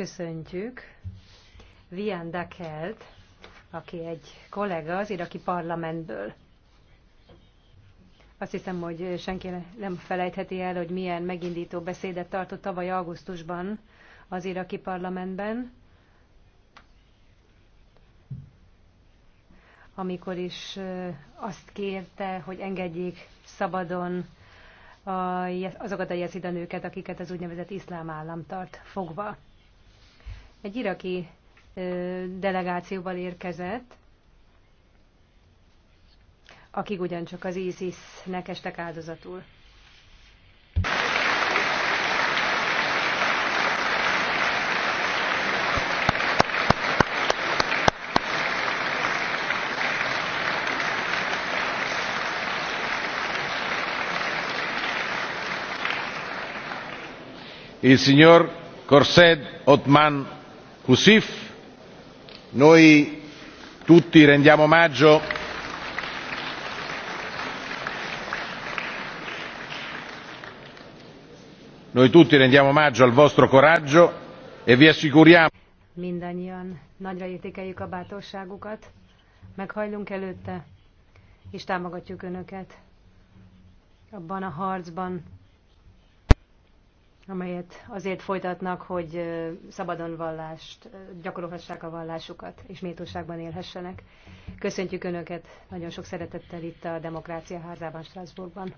köszöntjük Vian Dakelt, aki egy kollega az iraki parlamentből. Azt hiszem, hogy senki nem felejtheti el, hogy milyen megindító beszédet tartott tavaly augusztusban az iraki parlamentben, amikor is azt kérte, hogy engedjék szabadon azokat a jezida nőket, akiket az úgynevezett iszlám állam tart fogva egy iraki delegációval érkezett, akik ugyancsak az ISIS-nek estek áldozatul. Il signor Corsed Otman uscif noi tutti rendiamo omaggio noi tutti rendiamo omaggio al vostro coraggio e vi assicuriamo mindannyian nagyra értékeljük a bátorságukat, meghajlunk előtte, és támogatjuk Önöket abban a harcban, amelyet azért folytatnak, hogy szabadon vallást, gyakorolhassák a vallásukat, és méltóságban élhessenek. Köszöntjük Önöket nagyon sok szeretettel itt a Demokrácia Házában, Strasbourgban.